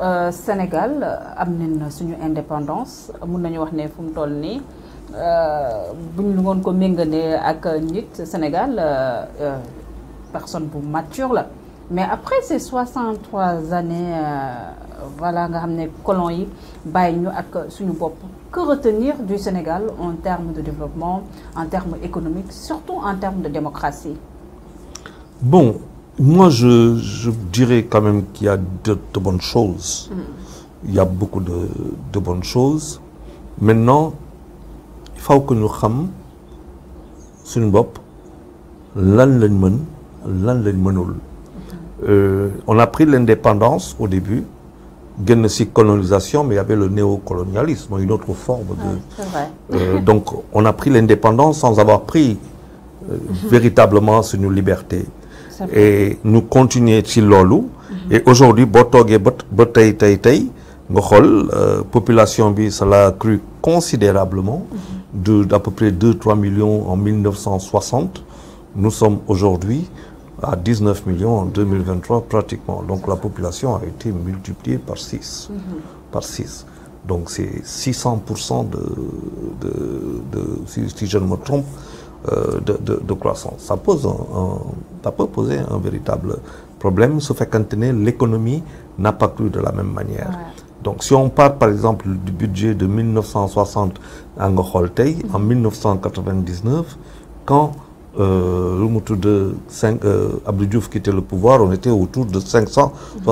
Euh, Sénégal euh, a nañ indépendance mun nañu wax ne fu mu toll nii euh, buñ lu ngoon ko méngalee ak nit Sénégal personne bu mature mais après ces 63 années voilà nga xam ne colon yi bàyyi ak suñu que retenir du Sénégal en termes de développement en termes économiques surtout en termes de démocratie bon moi, je, dirais quand même qu'il y a de, bonnes choses. Mm. Il y a beaucoup de, bonnes choses. Maintenant, il faut que nous sachions sur une bop, euh, on a pris l'indépendance au début, une colonisation, mais il y avait le néocolonialisme, une autre forme de. Euh, donc, on a pris l'indépendance sans avoir pris euh, mm-hmm. véritablement une liberté et nous continuons ci lolo mhm. et aujourd'hui la euh, population bi cela cru considérablement mhm. d'à peu près 2 3 millions en 1960 nous sommes aujourd'hui à 19 millions en 2023 pratiquement donc la population a été multipliée par 6 mhm. par 6 donc c'est 600 de si je ne me trompe euh, de, croissance. Ça, pose ça peut poser un véritable problème, ce fait qu'en l'économie n'a pas cru de la même manière. Donc si on part par exemple du budget de 1960 à mm-hmm. en 1999, quand euh, le de 5, quittait le pouvoir, on était autour de 570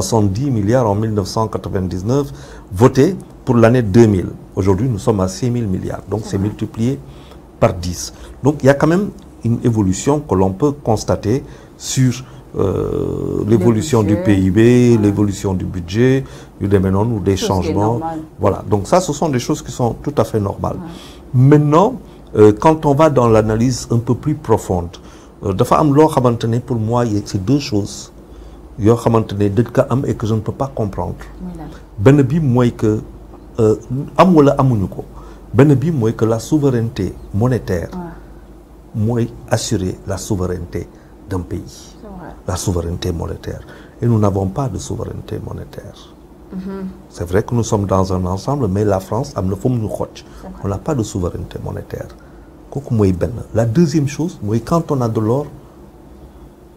mm-hmm. milliards en 1999, votés pour l'année 2000. Aujourd'hui, nous sommes à 6000 milliards. Donc c'est multiplié par 10. Donc il y a quand même une évolution que l'on peut constater sur euh, l'évolution du PIB, l'évolution du budget, ou des changements. Voilà, donc ça, ce sont des choses qui sont tout à fait normales. Maintenant, euh, quand on va dans l'analyse un peu plus profonde, euh, pour moi, il y pour deux choses et que je ne peux pas comprendre ben bi que ben, bi que la souveraineté monétaire moi, assurer la souveraineté d'un pays la souveraineté monétaire et nous n'avons pas de souveraineté monétaire mm-hmm. C'est vrai que nous sommes dans un ensemble, mais la France, on n'a pas de souveraineté monétaire. La deuxième chose, quand on a de l'or,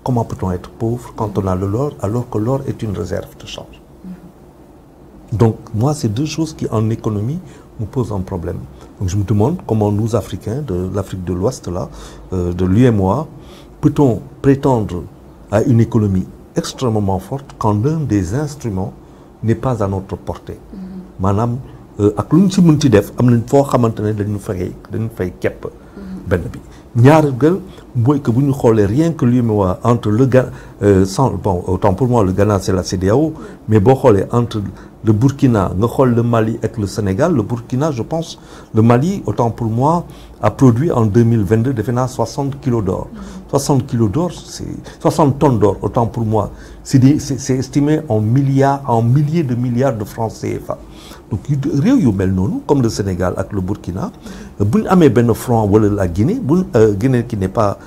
comment peut-on être pauvre quand on a de l'or alors que l'or est une réserve de change mm-hmm. Donc, moi, c'est deux choses qui, en économie, nous pose un problème. Donc je me demande comment nous, Africains, de l'Afrique de l'Ouest, là, lui euh, de moi peut-on prétendre à une économie extrêmement forte quand l'un des instruments n'est pas à notre portée. Mm-hmm. madame euh, à def am nous à maintenir dañu n'y fay moi que vous ne rien que lui moi entre le Ghana euh, sans bon autant pour moi le Ghana c'est la CDAO mais bon entre le Burkina nga le Mali et le Sénégal le Burkina je pense le Mali autant pour moi a produit en 2022 définitivement 60 kilos d'or 60 kilos d'or c'est 60 tonnes d'or autant pour moi c'est c'est estimé en milliards en milliers de milliards de francs CFA donc réew yu mel comme le Sénégal avec le Burkina vous la Guinée euh, Guinée qui n'est pas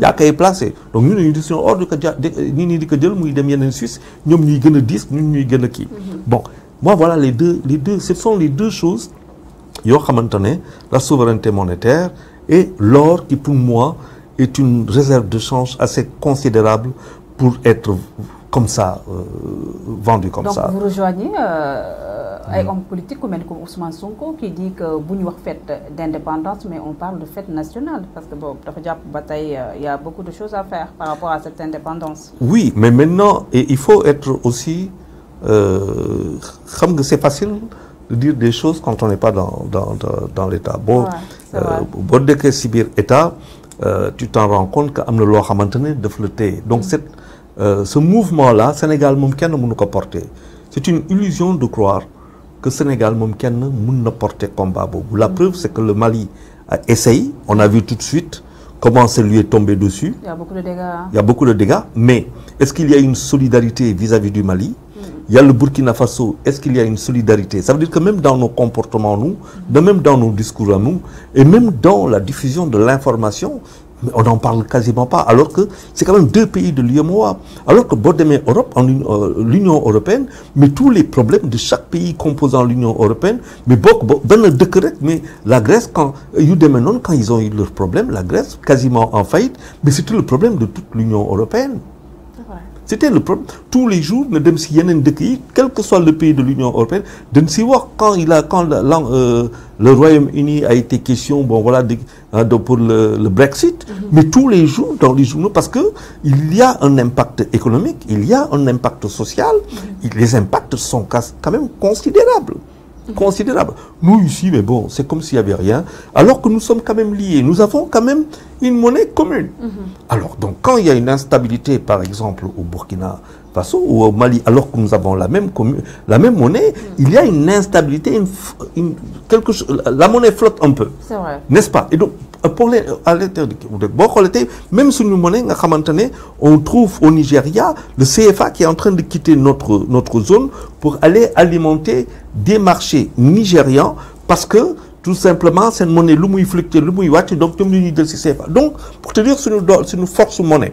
yaa koy placé donc ñu ne ñu décision ordre que ni euh, ñi di ko jël muy dem yeneen Suisse ñoom ñuy gën a diis ñun ñuy gën a kii mhm. bon moi voilà les deux les deux ce sont les deux choses yoo xamante ne la souveraineté monétaire et l'or qui pour moi est une réserve de change assez considérable pour être comme ça euh, vendu comme ça. Donc vous rejoignez euh... Il y a un comme Ousmane Sonko qui dit que nous avons wax fête d'indépendance mais on parle de fête nationale parce que il euh, y a beaucoup de choses à faire par rapport à cette indépendance. oui mais maintenant il faut être aussi euh, c'est facile de dire des choses quand on n'est pas dans dans dans, dans l'État euh, boo. dès que c'est État tu t'en rends compte qu'il y lo une maintenir de flotter. donc mm. cette ce mouvement là Sénégal ko porter c'est une illusion de croire que Sénégal ne Ken, porter combat la preuve c'est que le Mali a euh, essayé, on a vu tout de suite comment c'est lui est tombé dessus. Il y a beaucoup de dégâts. Hein. Il y a beaucoup de dégâts mais est-ce qu'il y a une solidarité vis-à-vis du Mali. Mm. Il y a le Burkina Faso, est-ce qu'il y a une solidarité Ça veut dire que même dans nos comportements, nous, même dans nos discours à nous, et même dans la diffusion de l'information, mais on n'en parle quasiment pas, alors que c'est quand même deux pays de l'UMOA. Alors que Bordemé Europe, euh, l'Union Européenne, mais tous les problèmes de chaque pays composant l'Union Européenne, mais mais la Grèce, quand, quand ils ont eu leurs problèmes, la Grèce, quasiment en faillite, mais c'est tout le problème de toute l'Union Européenne c'était le problème tous les jours Madame quel que soit le pays de l'Union européenne de ne quand il a quand euh, le Royaume-Uni a été question bon voilà euh, pour le, Brexit mhm. mais tous les jours dans les journaux parce que il y a un impact économique il y a un impact social mhm. les impacts sont quand même considérables considérable. Nous ici, mais bon, c'est comme s'il n'y avait rien, alors que nous sommes quand même liés. Nous avons quand même une monnaie commune. Mhm. Alors, donc, quand il y a une instabilité, par exemple, au Burkina Faso ou au Mali, alors que nous avons la même, la même monnaie, mhm. il y a une instabilité, quelque chose, la monnaie flotte un peu. C'est vrai. N'est-ce pas Et donc, euh, pour les à l'intérieur de même suñu monnaie nga on trouve au Nigeria le CFA qui est en train de quitter notre notre zone pour aller alimenter des marchés nigérians parce que tout simplement une monnaie lu muy fluctuer lu donc ñoom ñu ñuy de ci CFA donc pour te dire c'est une force monnaie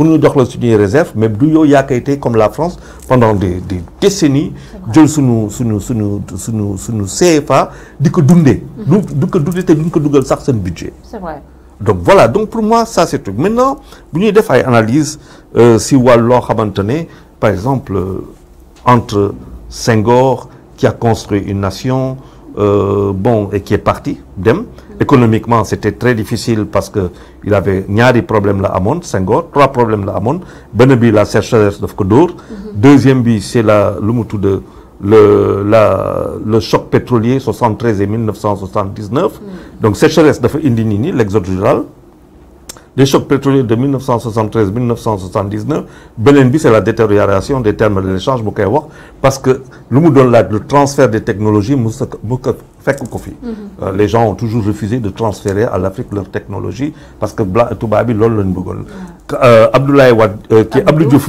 pour le réserve mais du comme la France pendant des décennies sous suñu CFA nous mhm. du budget c'est donc voilà donc pour moi ça c'est tout maintenant vous faire analyse euh, si Wallor a par exemple euh, entre Senghor qui a construit une nation euh, bon et qui est parti dem économiquement c'était très difficile parce que il avait ñaari problème à Monde, Senghor trois problèmes là à monde la sécheresse de mhm. deuxième bi c'est la le le choc pétrolier 73 et 1979 mhm. donc sécheresse de indi l'exode rural les chocs pétroliers de 1973 1979 Benin, bi la détérioration des termes de l'échange. parce que le transfert des technologies mhm. euh, les gens ont toujours refusé de transférer à l'Afrique leur technologie parce que bla euh, Abdoulaye Wade qui euh, Abdou Diouf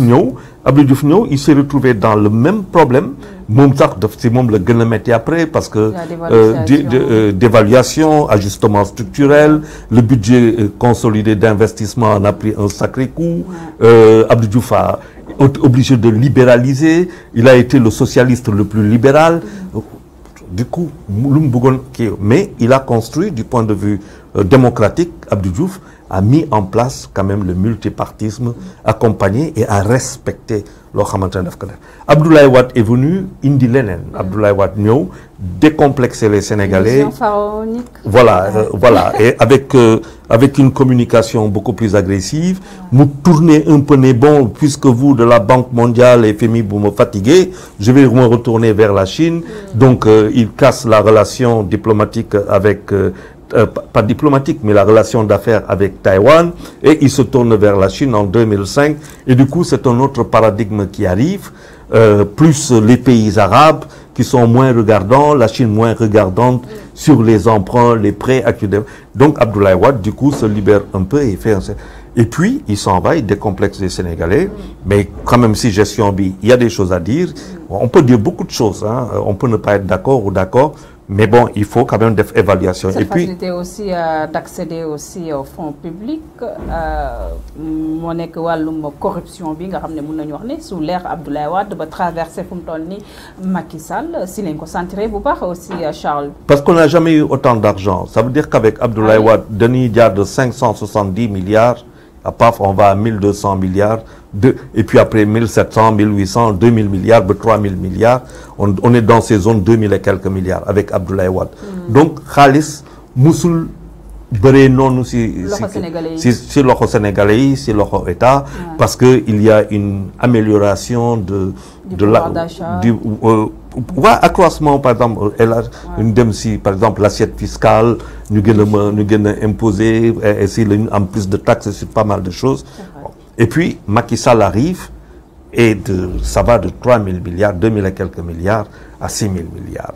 Abdou Diouf il s'est retrouvé dans le même problème moom le après parce que euh, euh, dévaluation ajustement structurel le budget euh, consolidé d'investissement en a pris un sacré coup euh, Abdou Diouf obligé de libéraliser il a été le socialiste le plus libéral mm. du coup mais il a construit du point de vue euh, démocratique, Abdou Diouf, a mis en place quand même le multipartisme accompagné et a respecté leur xamante Abdoulaye Wade est venu indi mm. Abdoulaye Wade Nyo, décomplexer les Sénégalais voilà euh, voilà et avec euh, avec une communication beaucoup plus agressive Vous tourner un peu les bon puisque vous de la Banque mondiale et FMI vous me fatiguez, je vais me retourner vers la Chine mm. donc il casse la relation diplomatique avec euh, pas diplomatique, mais la relation d'affaires avec Taïwan, et il se tourne vers la Chine en 2005, et du coup c'est un autre paradigme qui arrive, euh, plus les pays arabes qui sont moins regardants, la Chine moins regardante sur les emprunts, les prêts actuels. Donc Abdoulaye Wad du coup, se libère un peu et fait un... Et puis, il s'en va, il décomplexe les Sénégalais, mais quand même si gestion B, il y a des choses à dire. On peut dire beaucoup de choses, hein. on peut ne pas être d'accord ou d'accord, mais bon, il faut quand même des évaluations. Cette et puis aussi euh, d'accéder aussi aux fonds publics. Euh, mu nekk corruption bi nga xam ne mun sous l'ère Abdoulaye Wade ba traverser comme tony Macky si vous ko concentrez, bu parlez aussi euh, Charles. parce qu'on n'a jamais eu autant d'argent ça veut dire qu'avec Abdoulaye ah Wade dañuy a de 570 milliards. À paf, on va à 1200 milliards, de, et puis après 1700, 1800, 2000 milliards, 3000 milliards. On, est dans ces zones 2000 et quelques milliards avec Abdoulaye Wade. Mm. Donc, Khalis, Moussoul, bëree non, si si si sénégalais si état parce que il y a une amélioration de de la du euh, accroissement par exemple euh, si par exemple l'assiette fiscale nous gagnons imposer et plus de taxes c'est pas mal de choses et puis Macky Sall arrive et de ça va de 3 000 milliards 2 000 et quelques milliards à 6 000 milliards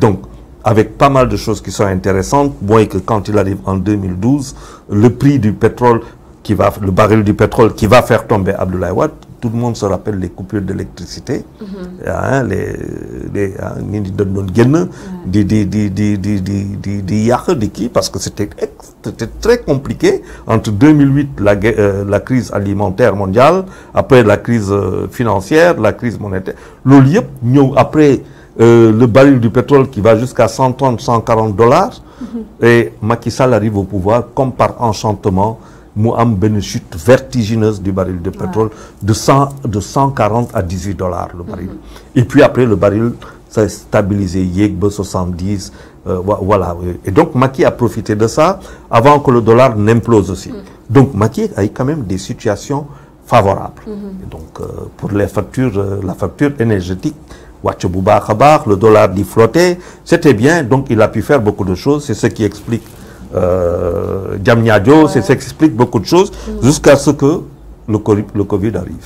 donc avec pas mal de choses qui sont intéressantes. moins que quand il arrive en 2012, le prix du pétrole qui va, le baril du pétrole qui va faire tomber Abdoulaye Wade, tout le monde se rappelle les coupures d'électricité, mhm. ah, hein, les, les, ah, parce que c'était très compliqué. Entre 2008, la, euh, la crise alimentaire mondiale, après la crise euh, financière, la crise monétaire, le lieu, après euh, le baril du pétrole qui va jusqu'à 130, 140 dollars. Mhm. Et Macky Sall arrive au pouvoir comme par enchantement. Mouham Ben chute vertigineuse du baril de pétrole de, de 140 à 18 dollars le baril. Mhm. Et puis après, le baril s'est stabilisé, Yegbe 70, euh, voilà. Et donc Maki a profité de ça avant que le dollar n'implose aussi. Mm. Donc Macky a eu quand même des situations favorables. Mm-hmm. donc euh, pour les factures, la facture énergétique le dollar dit flottait, c'était bien donc il a pu faire beaucoup de choses c'est ce qui explique euh, c'est ce qui explique beaucoup de choses mm. jusqu'à ce que le, Covid arrive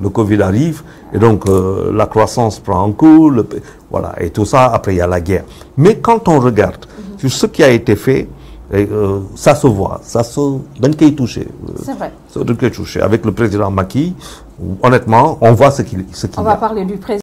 le Covid arrive et donc euh, la croissance prend un coup voilà et tout ça après il y a la guerre mais quand on regarde mm-hmm. sur ce qui a été fait euh, ça se voit, ça se... qui touché. c'est vrai avec le président Maki, honnêtement on voit ce qu'il ce On va parler du président.